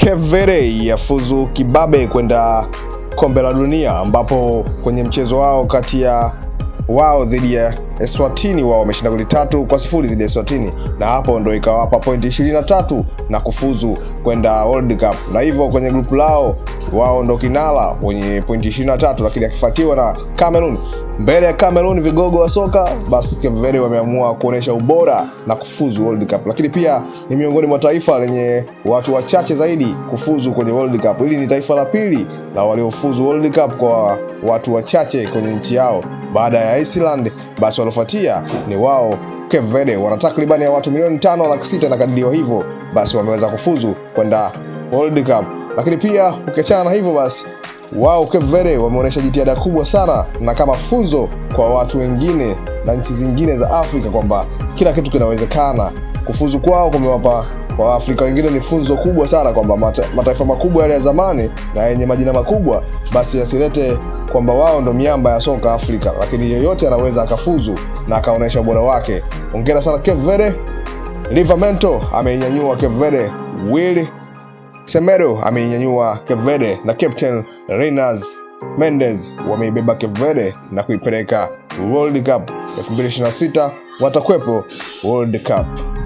Kevere yafuzu kibabe kwenda kombe la dunia ambapo kwenye mchezo wao kati ya wao dhidi ya Eswatini, wao wameshinda goli tatu kwa sifuri dhidi ya Eswatini, na hapo ndo ikawapa pointi 23 na kufuzu kwenda World Cup, na hivyo kwenye grupu lao wao ndo kinara wenye pointi 23, lakini akifuatiwa na Cameroon. Mbele ya Cameroon, vigogo wa soka, basi Cape Verde wameamua kuonyesha ubora na kufuzu World Cup, lakini pia ni miongoni mwa taifa lenye watu wachache zaidi kufuzu kwenye World Cup. Hili ni taifa la pili la waliofuzu World Cup kwa watu wachache kwenye nchi yao baada ya Iceland, basi waliofuatia ni wao Cape Verde, wana takribani ya watu milioni tano laki sita na kadirio hivyo basi wameweza kufuzu kwenda World Cup. Lakini pia ukiachana na hivyo basi wao Cape Verde wameonyesha jitihada kubwa sana na kama funzo kwa watu wengine na nchi zingine za Afrika kwamba kila kitu kinawezekana. Kufuzu kwao kumewapa kwa Waafrika wengine ni funzo kubwa sana kwamba mataifa makubwa yale ya zamani na yenye majina makubwa basi yasilete kwamba wao ndo miamba ya soka Afrika, lakini yeyote anaweza akafuzu na akaonyesha ubora wake. Hongera sana Cape Verde. Livramento ameinyanyua Cape Verde, Willy ameinyanyua Cape na Captain reynas Mendes wameibeba Cape na kuipeleka World Cup 2026 watakwepo World Cup.